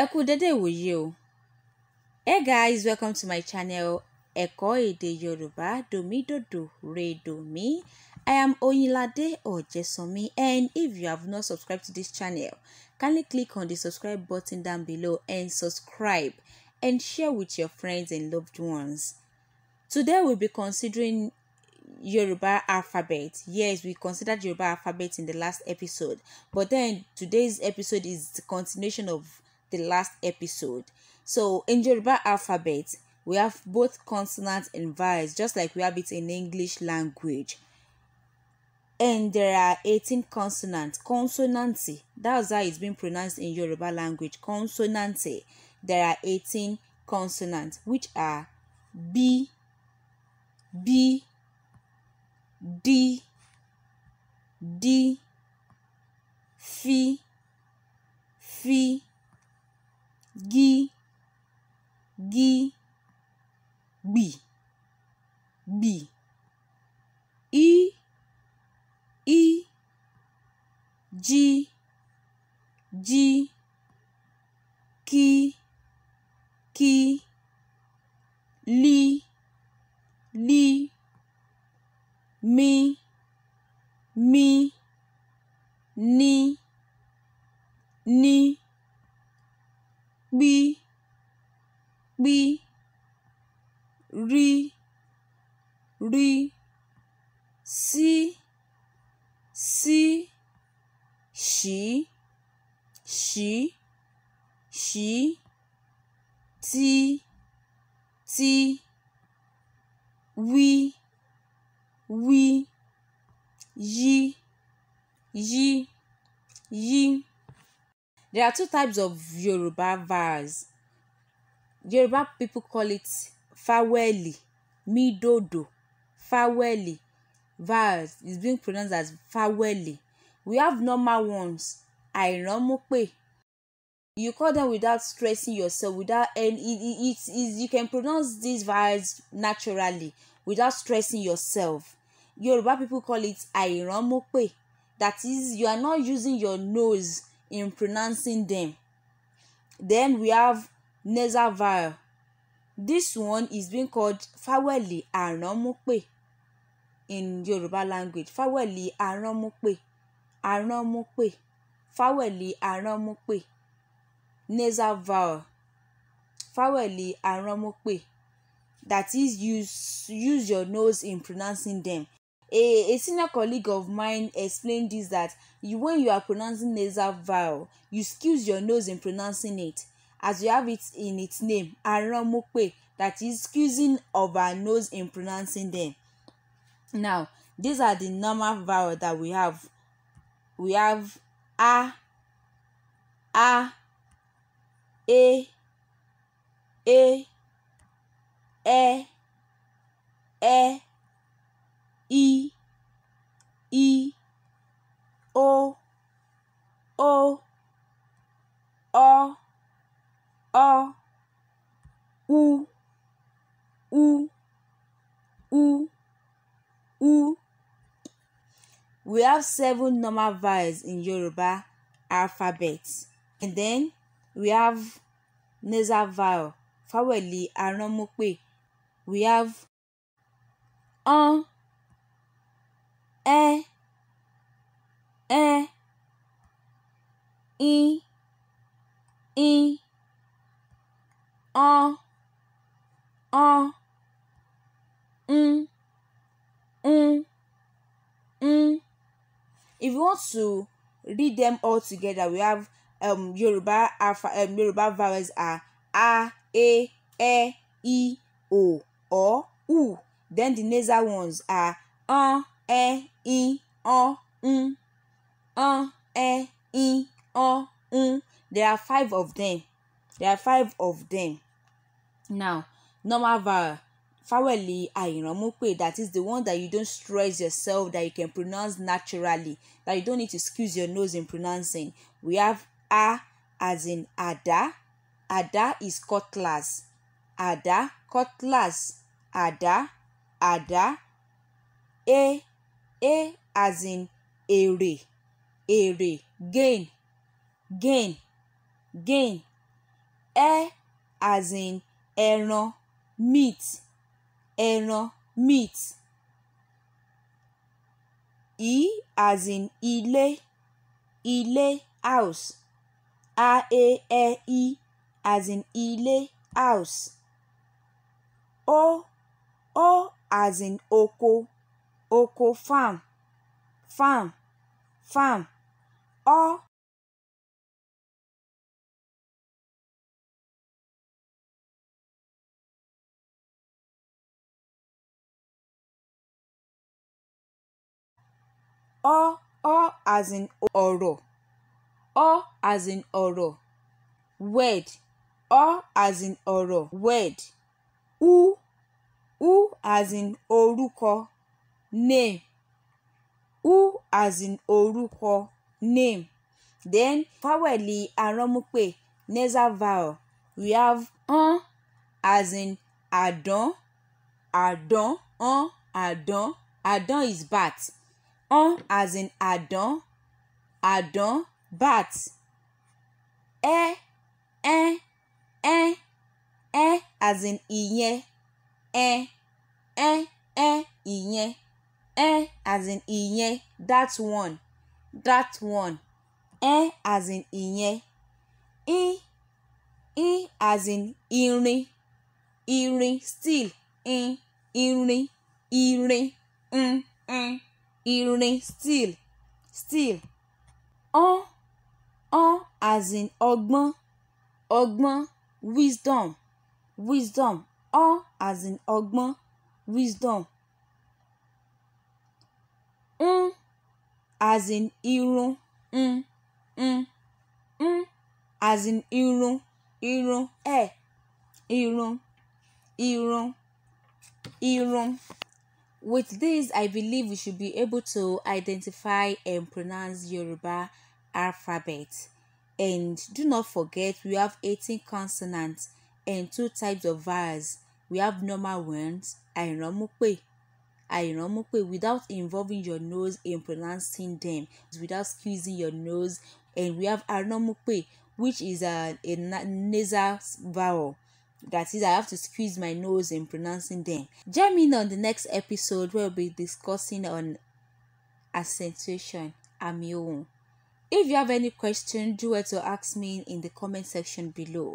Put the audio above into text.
Ẹkú dédé ìwòyí o. Hey guys, welcome to my channel Ẹ̀kọ́ èdè Yorùbá Domidodo Redomi. I am Oyinlade Ojesanmi and if you have not subscribed to this channel, kindly click on the subscribe button down below and subscribe and share with your friends and loved ones. Today we'll be considering Yoruba alphabet. Yes, we considered Yoruba alphabet in the last episode, but then today's episode is the continuation of the last episode. So in Yoruba alphabet, we have both consonants and vowels, just like we have it in English language. And there are 18 consonants. Consonancy, that's how it's been pronounced in Yoruba language. Consonancy. There are 18 consonants, which are B, B, D, D, Fi, Fi, gị gị i i ji ji ki ki li li mi mi ni ni pí, pí, rí, rí, sí, sí, ṣí, ṣí, ṣí, tí, tí, wí, wí, yí, yí, yí. There are two types of Yoruba verse. Yoruba people call it faweli, midodo, faweli. Verse is being pronounced as faweli. We have normal ones, àìránmọ́pè. You call them without stressing yourself, without and it, it, it is you can pronounce these verse naturally without stressing yourself. Yoruba people call it àìránmọ́pè. That is, you are not using your nose in pronouncing them. Then we have nasal vowel. This one is being called faweli àránmúpè in Yoruba language. Faweli àránmúpè àránmúpè faweli àránmúpè nasal vowel fáwẹ̀lì àránmúpè that is use use your nose in pronouncing them a a senior colleague of mine explained this that you when you are pronouncing nasal vowel you skills your nose in pronouncing it as you have it in its name aranmope that is squeezing of our nose in pronouncing them now these are the normal vowel that we have we have a a e e e e i i o O, ọ ọ u u u u. We have seven normal vowels in Yoruba alphabet. And then we have nasal vowel, faweli, aranmope. We have an, uh, E, E, I, I, O, O, U, U, U. If you want to read them all together, we have um, Yoruba alpha, um, Yoruba vowels are a, e, e, i, o, O, u. Then the nasal ones are an, E i O un an ẹ i O un there are five of them there are five of them now normal vowel fáwẹ̀lì àìránmúpè that is the one that you don't stress yourself that you can pronounce naturally that you don't need to squeeze your nose in pronouncing we have a as in ada ada is cutlass ada cutlass ada ada e a as in èrè èrè gain gain gain ẹ e as in ẹran meat ẹran meat i e as in ilé ilé house a e E i as in ilé house o o as in oko oko farm farm farm ọ ọ ọ as in ọ̀rọ̀ ọ as in ọ̀rọ̀ word ọ as in ọ̀rọ̀ word u u as in orúkọ name who as in orúkọ name then vowel aránmúpè nasal vowel we have an as in àdán àdán an àdán àdán is bat an as in àdán àdán bat ẹ ẹ ẹ ẹ as in ìyẹn ẹ ẹ ẹ ìyẹn um as in ìyẹn that one that one um as in ìyẹn in in as in irin irin still in irin irin n n irin still still on on as in ọgbọ́n ọgbọ́n wisdom wisdom on as in ọgbọ́n wisdom n mm. as in irun n n n as in irun irun eh, irun irun irun. With this, I believe we should be able to identify and pronounce Yoruba alphabet. And do not forget, we have eighteen consonants and two types of vowels. We have normal ones, àìrọ́múpè àìránmú pé without involving your nose in pronouncing them without squeezing your nose and we have àìránmú pé which is a, a nasal vowel that is i have to squeeze my nose in pronouncing them join me on the next episode where we'll be discussing on accentuation àmì if you have any question do it to ask me in the comment section below